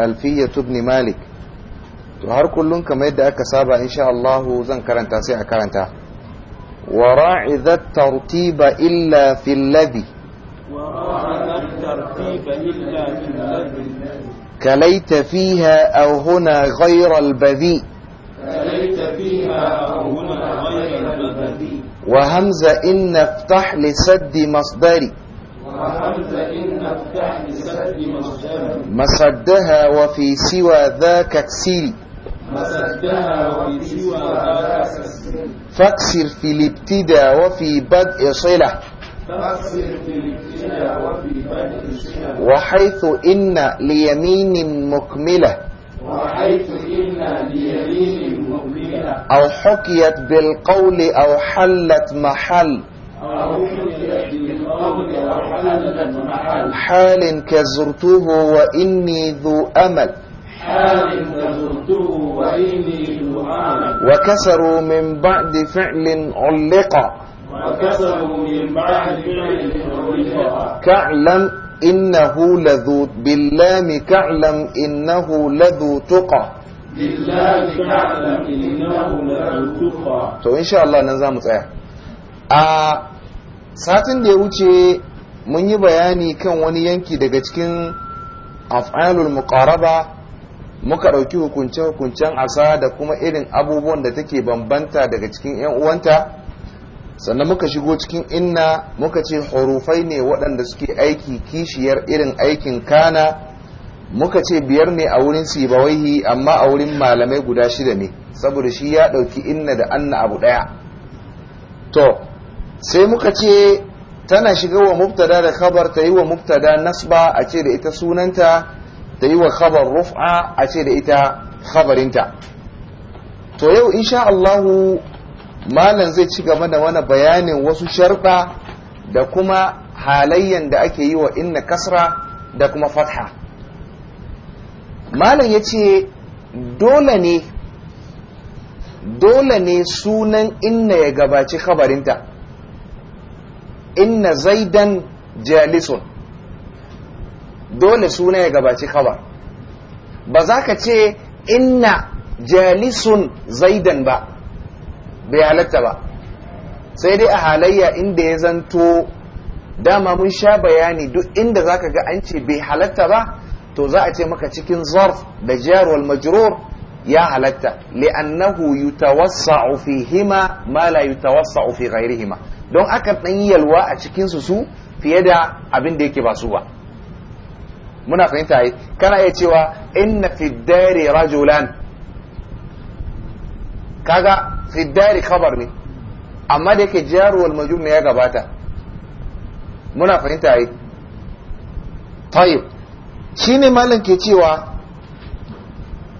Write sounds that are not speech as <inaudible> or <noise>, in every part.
ألفية بن مالك تهر كلهم كما يدعك سابع إن شاء الله ذن كرن تاسع كرن تا ذا الترتيب إلا في الذي وراع ذا الترتيب إلا في الذي كليت فيها أو هنا غير البذيء كليت فيها أو هنا غير البذيء وهمز إن افتح لسد مصدري وهمز إن افتح لسد مسدها وفي سوى ذاك اكسري مسدها وفي سوى ذاك اكسري فاكسر في الابتداء وفي بدء صلة وحيث إن ليمين مكملة وحيث إن ليمين مكملة أو حكيت بالقول أو حلت محل أو حكيت حال كزرته وإني ذو أمل وكسروا من بعد فعل علقا وكسروا من بعد فعل علقا كعلم إنه لذو باللام كعلم إنه لذو تقى بالله كعلم إنه لذو تقى تو إن شاء الله ننزام تسعى a satin da ya wuce mun yi bayani kan wani yanki daga cikin af'alul muqaraba muka ɗauki hukunce-hukuncen asa da kuma irin abubuwan da take bambanta daga cikin 'yan uwanta sannan muka shigo cikin inna muka ce hurufai ne waɗanda suke aiki kishiyar irin aikin kana muka ce biyar ne a wurin sibawaihi amma a wurin malamai guda shida ne saboda shi ya ɗauki inna da anna abu ɗaya to sai muka ce tana shiga wa mubtada da khabar ta yi wa mubtada nasba a ce da ita sunanta ta yi wa khabar rufa a ce da ita khabarinta to yau insha Allahu malam zai ci gaba da wani bayanin wasu sharɗa da kuma halayyan da ake yi wa inna kasra da kuma fatha malam ya ce dole ne dole ne sunan inna ya gabaci khabarinta inna zaidan jalisun dole suna ya gabaci khabar ba za ka ce inna jalisun zaidan ba bai halatta ba sai dai a halayya inda ya zanto dama mun sha bayani duk inda za ka ga an ce bai halatta ba to za a ce maka cikin zarf da jarwal majrur ya halatta li'annahu yutawassa'u fihima ma la yutawassa'u fi ghairihima don aka dan yalwa a cikin su su fiye da abin da yake ba su ba muna fahimta ai kana iya cewa inna fi dari rajulan kaga fi dari khabar ne amma da yake jaru wal majrur ne ya gabata muna fahimta ai tayyib shine malam ke cewa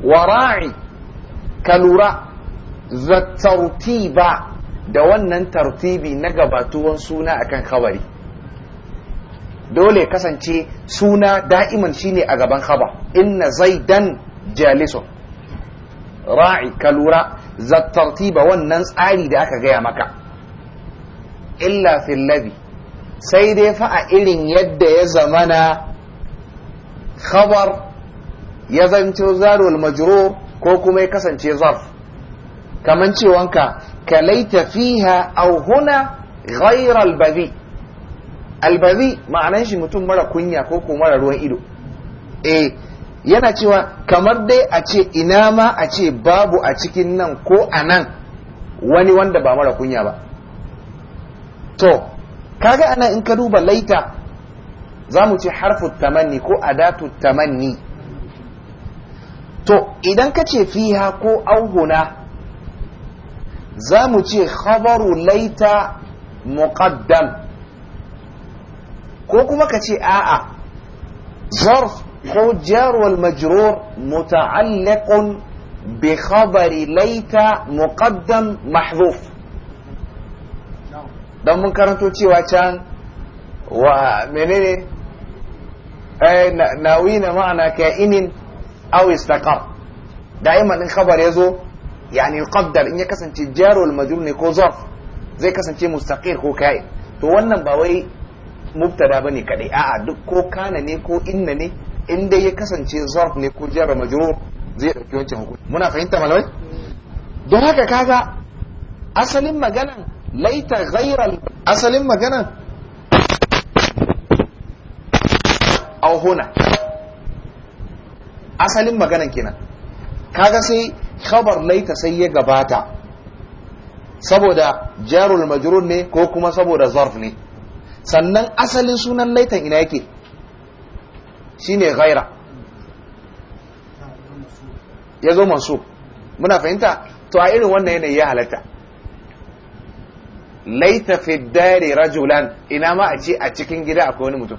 wara'i ka lura za tartiba da wannan tartibi na gabatuwan suna akan khabari dole kasance suna da'iman shine a gaban khabar inna zaidan jalisun ra'i ka lura za tartiba wannan tsari da aka gaya maka illa fillabi sai dai fa a irin yadda ya zamana khabar ya zance zarul majrur ko kuma ya kasance zarf kaman cewanka laita fiha aw huna ghayra albazi albazi ma'anan shi mutum mara kunya ko kuma mara ruwan ido eh yana cewa kamar dai a ce ina ma a ce babu a cikin nan ko anan wani wanda ba mara kunya ba to kaga ana in ka duba laita za mu ce harfu tamanni ko adatu tamanni to idan ka ce fiha ko auhuna za mu ce khabaru laita muqaddam ko kuma ka ce a'a zarf ko jar majrur muta'alliqun bi khabari laita muqaddam mahdhuf dan mun karanto cewa can wa menene eh nawina ma'ana ka'inin aw istaqar da'iman din ya zo yani yuqaddar in ya kasance jarul majrur ne ko zarf zai kasance mustaqir ko kai to wannan ba wai mubtada bane kadai a'a duk ko kana ne ko inna ne in dai ya kasance zarf ne ko jarul majrur zai dauki wancan hukunci muna fahimta malamai don haka kaga asalin maganan laita ghairal asalin maganan au huna asalin maganan kenan kaga sai khabar laita sai ya gabata saboda jarul majrur ne ko kuma saboda zarf ne sannan asalin sunan laitan ina yake shine ghaira ya zo mansub muna fahimta to a irin wannan yanayi ya halatta laita fi dare rajulan ina ma a ce a cikin gida akwai wani mutum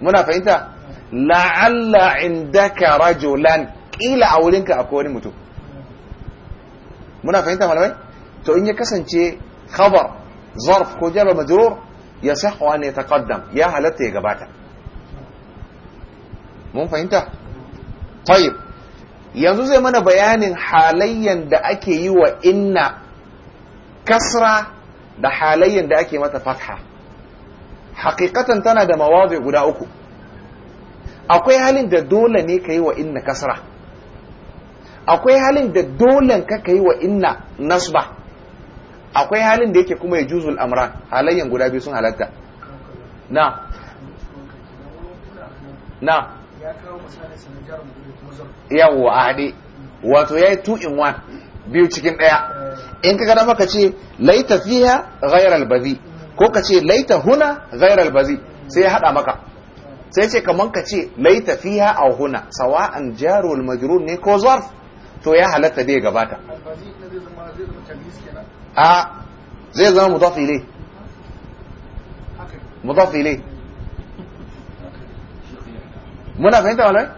muna fahimta la'alla indaka rajulan kila a wurinka akwai wani mutum muna fahimta malamai to in ya kasance khabar zarf ko jaba majrur ya sahwa ne taqaddam ya halatta ya gabata mun fahimta tayyib yanzu zai mana bayanin halayyan da ake yi wa inna kasra da halayyan da ake mata fatha haqiqatan tana da mawadi guda uku akwai halin da dole ne ka yi wa inna kasra akwai halin da dole ka ka yi wa inna nasba akwai halin da yake kuma ya juzul amra halayyan guda biyu sun halatta na na Yawo a haɗe wato ya yi two in one biyu cikin ɗaya in ka gada maka ce laita fiha gairar bazi ko ka ce laita huna gairar bazi sai ya haɗa maka sai ce kamar ka ce lai tafiya a huna sawa'an an wal ne ko zarf to ya halatta dai gabata a zai zama mudaf ilay mudaf muna fahimta wala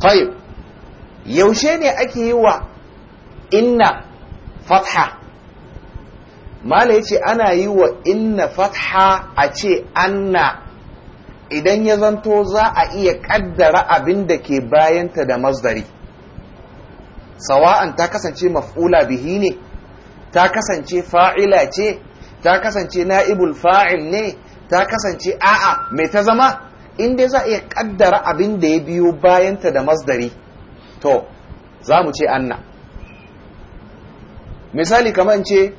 tayyib yaushe ne ake yi wa inna fatha mala yace ana yi wa inna fatha a ce anna idan ya zanto za a iya kaddara abin da ke bayanta da masdari sawa'an ta kasance maf'ula bihi ne ta kasance fa'ila ce ta kasance na'ibul fa'il ne ta kasance a'a mai ta zama in za a iya kaddara abin da ya biyo bayanta da masdari to za mu ce anna misali kamar ce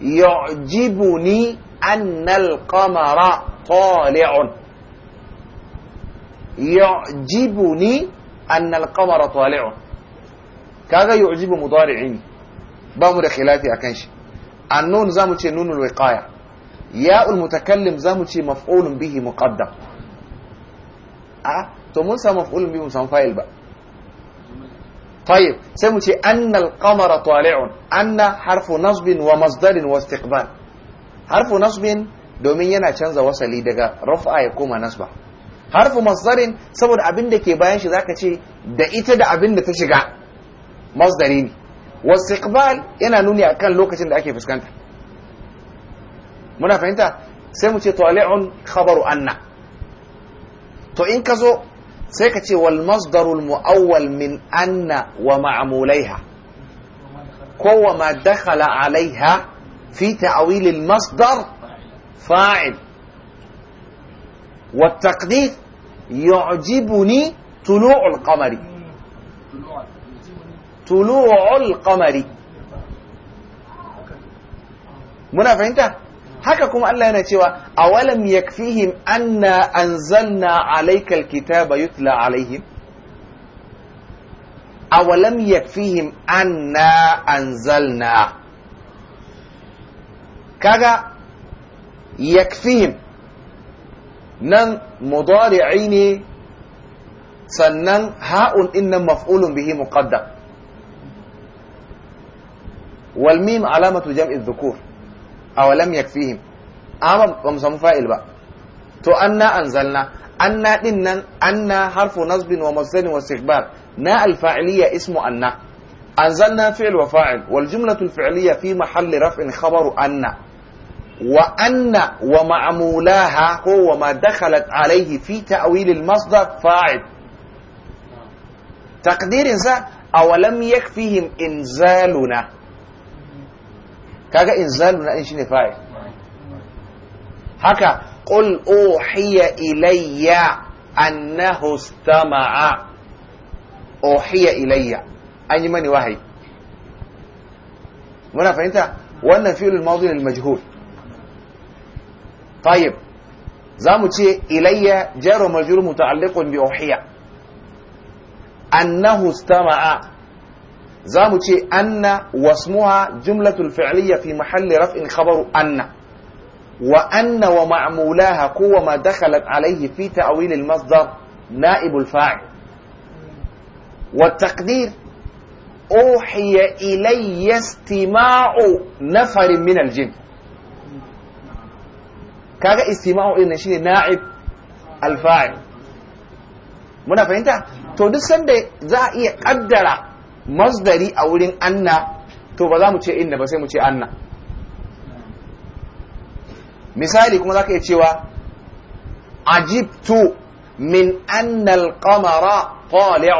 yu'jibuni annal qamara tali'un yu'jibuni an al-qamara tali'un kaga yu'jibu mudari'i ba mu da khilafi akan shi annun zamu ce nunul wiqaya ya'ul mutakallim zamu ce maf'ulun bihi muqaddam a to mun samu maf'ulun bihi mun samu fa'il ba طيب سمتي أن Anna harfu nasbin wa نصب ومصدر واستقبال Harfu nasbin domin yana canza wasali daga ya koma nasba. harfu masdarin saboda abin da ke bayan shi zaka ce da ita da abin da ta shiga masdari ne wasiqbal yana nuni akan lokacin da ake fuskanta muna fahimta sai mu ce tali'un khabaru anna to in ka zo sai ka ce wal masdarul mu'awwal min anna wa ma'mulaiha ko wa ma dakhala alaiha fi ta'wil al masdar fa'il والتقدير yu'jibuni tulu'ul qamari tulu'ul qamari muna fahimta haka kuma Allah yana cewa awalam yakfihim anna anzalna alayka alkitaba yutla alaihim awalam yakfihim anna anzalna kaga yakfihim نن مضارعين سنن هاء إن مفعول به مقدم والميم علامة جمع الذكور أو لم يكفيهم أما بمسام فائل بقى تو أنا أنزلنا أنا ان ان حرف نصب ومزن واستخبار ناء الفاعلية اسم ان أنزلنا فعل وفاعل والجملة الفعلية في محل رفع خبر أنّ وأن ومعمولاها هو ما دخلت عليه في تأويل المصدر فاعل تقدير أو أولم يكفيهم إنزالنا كذا إنزالنا إن شيني فاعل هكا قل أوحي إلي أنه استمع أوحي إلي أي من وحي منا فهمت وأن في الماضي للمجهول طيب زامو تشي إلي جار مجرور متعلق بأوحية أنه استمع زامو تشي أن واسمها جملة الفعلية في محل رفع خبر أن وأن ومعمولاها قوة ما دخلت عليه في تأويل المصدر نائب الفاعل والتقدير أوحي إلي استماع نفر من الجن kaga istima'u din nan shine na'ib alfa'il muna fahimta to duk sanda za a iya kaddara masdari a wurin anna to ba za mu ce inna ba sai mu ce anna misali kuma za ka iya cewa ajibtu min anna al-qamara طالع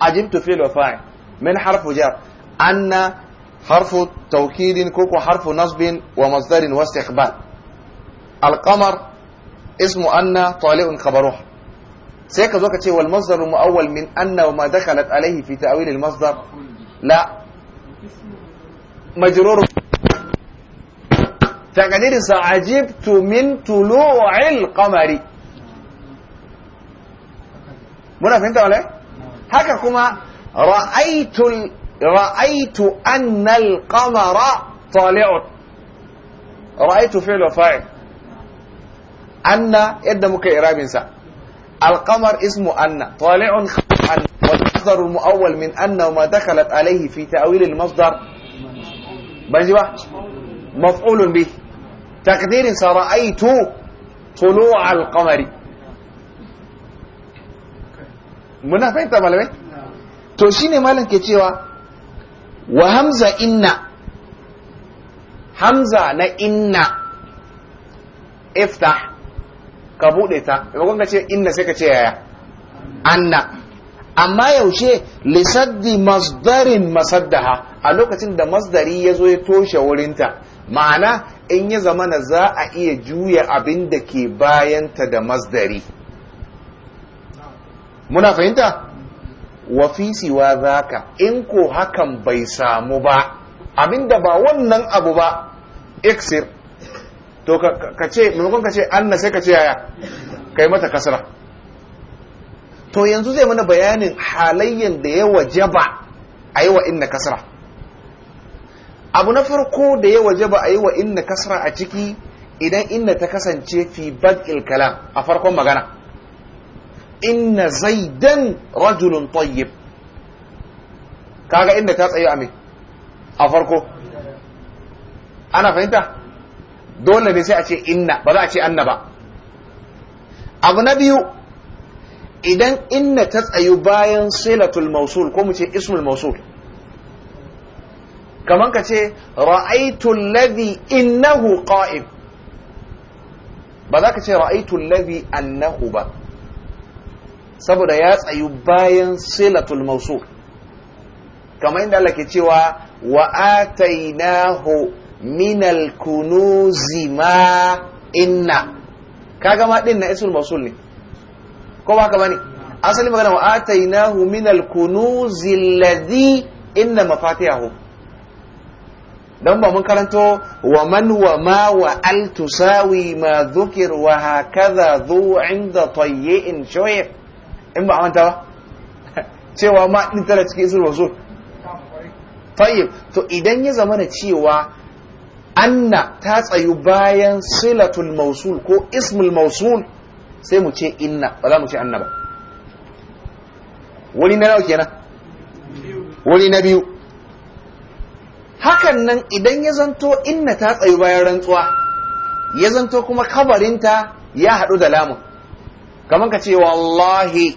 عجبت harfu وفاعل من harfu جر أن حرف توكيد كوكو حرف نصب ومصدر واستقبال alqamar ismu anna tali'un khabaruh sai ka zo ka ce wal masdaru mu'awwal min anna wa ma dakhalat alayhi fi ta'wil al masdar la majrur تقدير سعجبت من طلوع القمر منا فهمت ولا haka kuma ra'aitu ra'aitu kamara al ra'aitu fi'l anna yadda muka yi rabinsa. alqamar ismu anna tali'un an wa masdar muawwal min anna ma dakhalat alayhi fi ta'wil al Ban banji ba maf'ul bi taqdirin sa ra'aytu tulu' al-qamari muna fahimta malamai to shine malam ke cewa wa hamza inna hamza na inna iftah ka buɗe ta maimakon ka ce inna sai ka ce yaya anna amma yaushe lisaddi masdarin masaddaha a lokacin da masdari ya zo ya toshe wurinta ma'ana in ya na za a iya juya abin da ke bayanta da masdari muna fahimta wa fi siwa zaka in ko hakan bai samu ba abin da ba wannan abu ba iksir to ka ce maimakon ka ce anna sai ka ce yaya kai mata kasra to yanzu zai mana bayanin halayyan da ya waje ba a yi wa inna kasra abu na farko da ya waje ba a yi wa inna kasra a ciki idan inna ta kasance fi bad kalam a farkon magana inna zaidan rajulun tayyib kaga inda ta tsaye a me a farko ana fahimta dole ne sai a ce inna ba za a ce anna ba abu na biyu idan inna ta tsayu bayan silatul mausul ko mu ce ismul mausul kamar ka ce ra'aitu alladhi innahu qa'im ba za ka ce ra'aitu alladhi annahu ba saboda ya tsayu bayan silatul mausul kamar inda Allah ke cewa wa atainahu minal kunuzi ma inna kaga ma din na ismul mausul ne ko ba ka bane asali magana wa atainahu minal kunuzi alladhi inna mafatihahu dan ba mun karanto wa man wa ma wa al tusawi ma dhukir wa hakaza dhu inda tayyin shoyib in ba manta ba <laughs> cewa ma din tana cikin ismul mausul tayyib to idan ya zama na cewa anna ta tsayu bayan silatul mausul ko ismul mausul sai mu ce inna ba za mu ce anna ba wani na nawa kenan wani na biyu hakan nan idan ya zanto inna ta tsayu bayan rantsuwa ya zanto kuma kabarinta ya haɗu da lamu kamar ka ce wallahi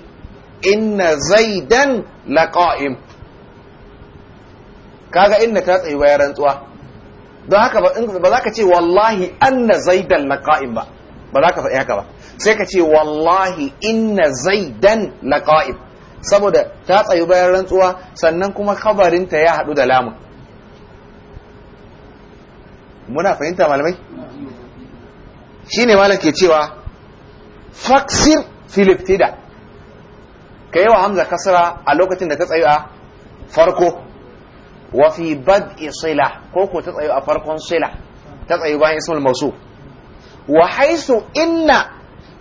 inna zaidan laqa'im kaga inna ta tsayu bayan rantsuwa don haka ba za ka ce wallahi anna zaidan ba ba za ka faɗi haka ba sai ka ce wallahi inna zaidan laqa'im saboda ta tsayi bayan rantsuwa sannan kuma kabarinta ya haɗu da lamun muna fahimta malamai shine malam ke cewa faksir filiptida ka yi wa hamza kasra a lokacin da ka tsayu a farko Wafi fi bad'i sila ko ko a farkon sila ta bayan ismul mawsuf wa haisu inna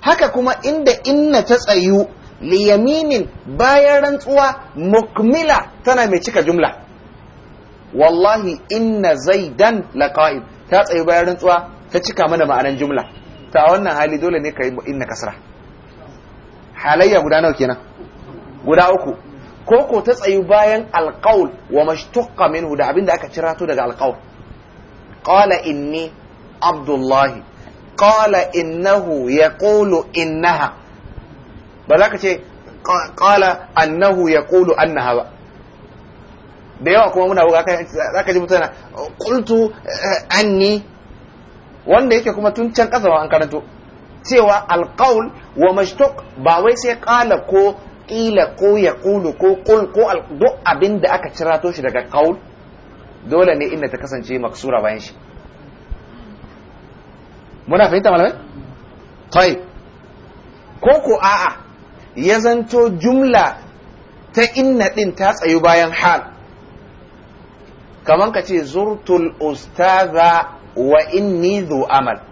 haka kuma inda inna ta tsayu liyaminin bayan rantsuwa mukmila tana mai cika jumla wallahi inna zaidan laqa'im ta tsayu bayan rantsuwa ta cika mana ma'anar jumla a wannan hali dole ne ka yi inna kasara. halayya guda nawa kenan guda uku ko ko ta tsayu bayan alƙaul wa mashtuqqa minhu da abinda aka cira to daga alƙaul qala inni abdullahi qala innahu yaqulu innaha ba za ka ce qala annahu yaqulu annaha ba da yawa kuma muna buga za ka ji mutane qultu eh, anni wanda yake kuma tun can kasa an karanto cewa alƙaul wa mashtuq ba wai sai qala ko ƙila ko ya ƙulu ko ƙul ko duk abin da aka cirato shi daga kaul dole ne inda ta kasance maksura bayan shi muna fahimta malamai? tai ko ko a'a ya zanto jumla ta inna ɗin ta tsayu bayan hal kamar ka ce zurtul ustaza wa inni zu amal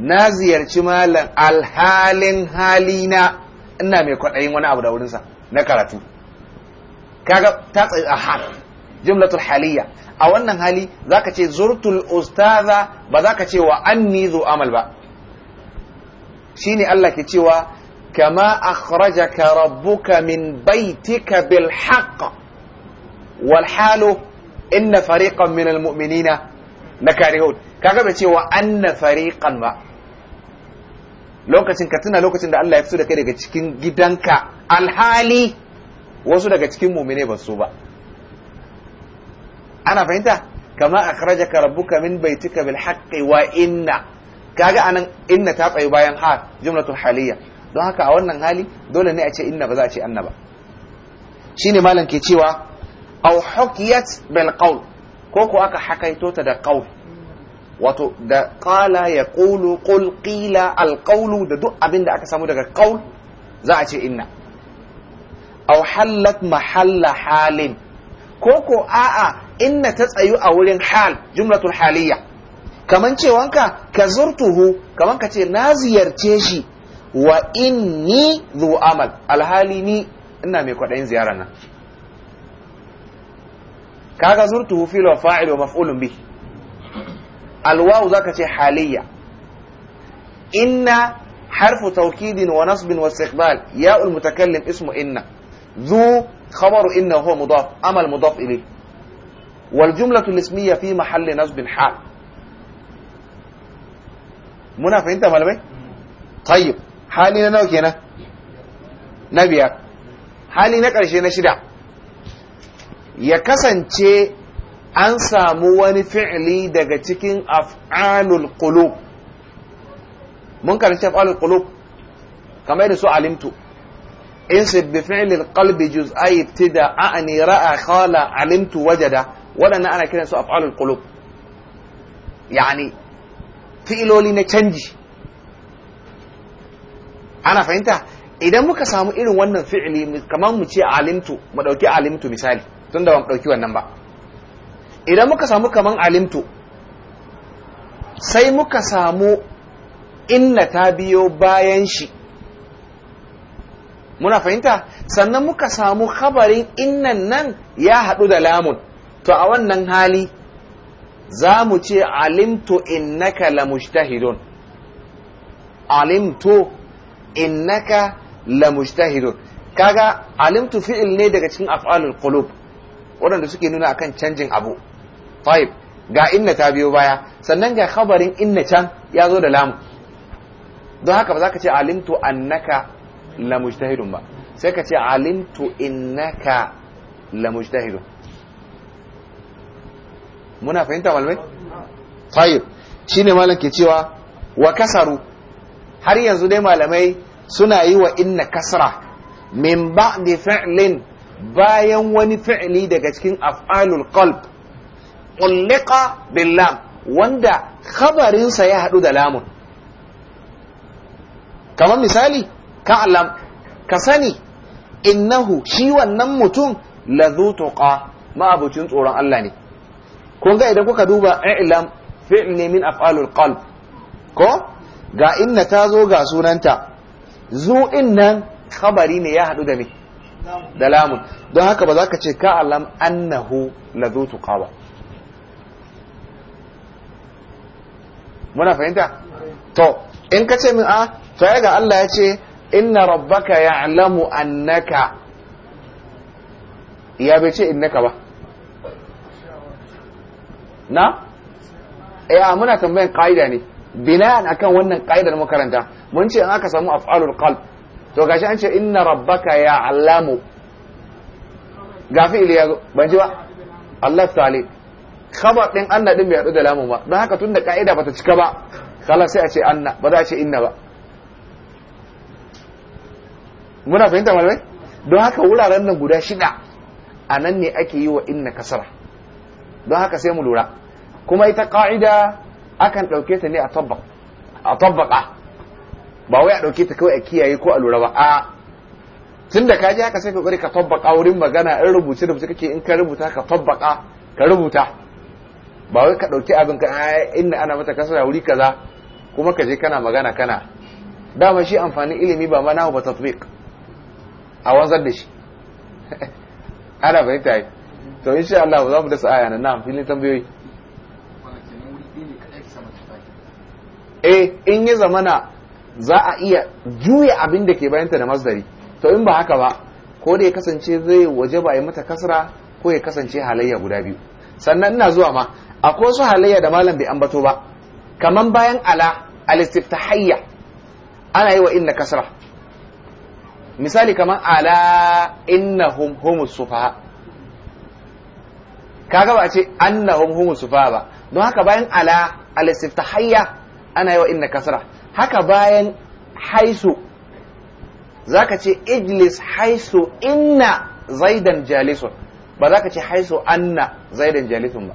na ziyarci malam alhalin halina ina mai kwaɗayin wani abu da wurinsa na karatu kaga ta tsaye a hal jumlatul haliyya a wannan hali zaka ce zurtul ustaza ba zaka ce wa anni zu amal ba shine Allah ke cewa kama akhrajaka rabbuka min baitika bil haqq wal halu inna fariqan minal mu'minina na Ka kaga bai ce wa anna fariqan ba lokacin ka tuna lokacin da Allah ya fito da kai daga cikin gidanka alhali wasu daga cikin mumine ba su ba ana fahimta kama akhrajaka rabbuka min baitika bil haqqi wa inna kaga anan inna ta tsayi bayan ha jumlatul haliyya don haka a wannan hali dole ne a ce inna ba za a ce anna ba shine malam ke cewa aw hukiyat bil qawl ko ko aka hakaito ta da qawl wato da ƙala ya qul qila da duk abin da aka samu daga qaul za a ce inna A hallat mahalla halin ko ko a'a inna ta tsayu a wurin hal jumlatul haliyya kaman cewanka ka zurtuhu kaman ka ce na ziyarce shi wa inni zu amal alhali ni ina mai kwaɗayin ziyarar nan kaga zurtuhu filo fa'il wa maf'ulun bihi الواو ذاك حالية إن حرف توكيد ونصب واستقبال ياء المتكلم اسمه إن ذو خبر إن وهو مضاف أما المضاف إليه والجملة الاسمية في محل نصب حال منى fahimta malamai tayyib طيب na نوكينا kenan na biyar hali na ƙarshe na shida an samu wani fi'li daga cikin af'alul qulub mun karanta af'alul qulub kamar da su alimtu insib bi fi'lil qalbi juz'ai ibtida a'ni ra'a khala alimtu wajada wadanna ana kiran su af'alul qulub yani fi'iloli na canji ana fahimta idan muka samu irin wannan fi'ili kamar mu ce alimtu mu dauki alimtu misali tunda ban dauki wannan ba idan muka samu kaman alimtu sai muka samu inna ta biyo bayan shi muna fahimta sannan muka samu khabarin innan nan ya haɗu da lamun to a wannan hali za mu ce alimtu innaka mushtahidun alimtu innaka mushtahidun kaga alimtu fi'il ne daga cikin af'alul qulub waɗanda suke nuna akan canjin abu taib ga inna ta biyo baya sannan ga khabarin inna can ya zo da lamu don haka ba za ka ce alimtu annaka la mujtahidun ba sai ka ce alimtu innaka la mujtahidun muna fahimta malamai tayyib shine malam ke cewa wa kasaru har yanzu dai malamai suna yi wa inna kasra min ba'di fi'lin bayan wani fi'li daga cikin af'alul qalb ulliqa bil lam wanda khabarinsa ya hadu da lamun kamar misali ka'lam ka sani innahu shi wannan mutum lazu tuqa ma'abucin tsoron Allah ne kun ga idan kuka duba i'lam fi'l ne min af'alul qalb ko ga inna ta zo ga sunanta zu innan khabari ne ya hadu da me da lamun don haka ba za ka ce ka'lam annahu lazu tuqa ba muna fahimta to in ka ce min a ah, to ya ga Allah ya ce inna rabbaka ya'lamu annaka ya bai ce innaka ba na eh muna tambayan kaida ne bina'an akan wannan kaidar makaranta mun ce in aka samu af'alul qalb to gashi an ce inna rabbaka ya'lamu gafi iliya ban ji ba Allah salih khabar din anna din bai hadu da lamun ba don haka tun da ka'ida bata cika ba kala sai a ce anna ba za a ce inna ba muna fahimta malamai don haka wuraren nan guda shida a nan ne ake yi wa inna kasara don haka sai mu lura kuma ita ka'ida akan ɗauke ta ne a tabbaka ba wai a ɗauke ta kawai a kiyaye ko a lura ba a tun da kaji haka sai ka kokari ka tabbaka wurin magana in rubuce da kake in ka rubuta ka tabbaka ka rubuta ba wai ka ɗauki abin ka inda ana mata kasara wuri kaza kuma ka je kana magana kana dama shi amfani ilimi ba ma nahu ba tatbiq a wanzar da shi <laughs> ana bai ta yi to insha Allah za mu da sa'aya nan na filin tambayoyi eh in ya zamana za a iya juya abin da ke bayanta da masdari to in ba haka ba ko da ya kasance zai waje ba ya mata kasra ko ya kasance halayya guda biyu sannan ina zuwa ma akwai wasu halayya da malam bai ambato ba kaman bayan ala alistiftahayya ana yi wa inna kasra misali kaman ala innahum humus sufaha kaga ba a ce annahum humus sufaha ba don haka bayan ala alistiftahayya ana yi wa inna kasra haka bayan haisu zaka ce ijlis haisu inna zaidan jalisun ba za ka ce haisu anna zaidan jalisun ba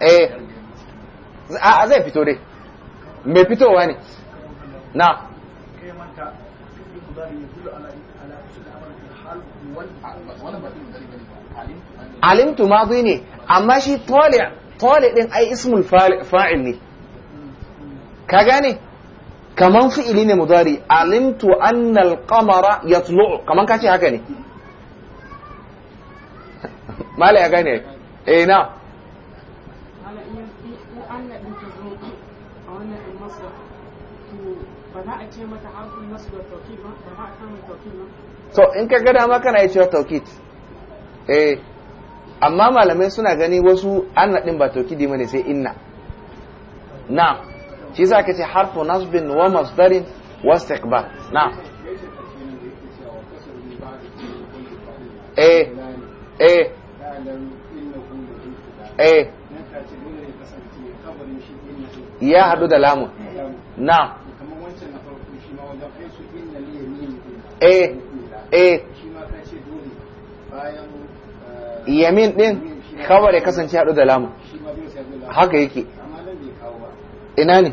eh a zai fito dai mai fitowa ne na alimtu mazi ne amma shi tole tole din ai ismul fa'il ne ka gane kaman fi'ili ne mudari alimtu annal qamara yatlu'u kaman kace haka ne <laughs> mala ya gane eh na so in ka gada maka na yi cewa taukid eh amma malamai suna gani wasu an naɗin ba taukidi bane sai inna na shi za ka ce harfu nasbin wa masdarin wa istiqbal na eh eh eh ya haɗu da lamun na eh eh yamin din kawar ya kasance haɗu da lamu haka yake ina ne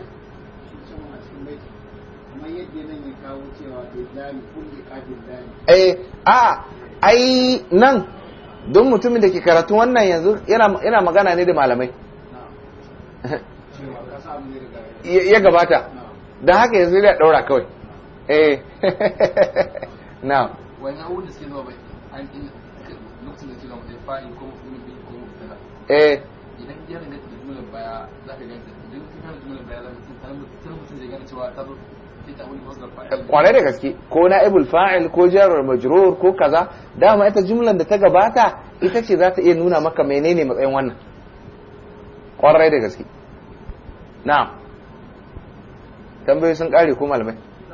eh a ai nan don mutumin da ke karatu wannan yanzu yana magana ne da malamai <laughs> ya gabata don haka yanzu ya ɗaura kawai eh na da ko na bai ko eh gaske ko na'ibul fa'il ko jarar majrur ko kaza dama ita jumlan da ta gabata ita ce za ta iya nuna maka menene matsayin wannan kwarai da gaske na tambayoyi sun kare ko malamai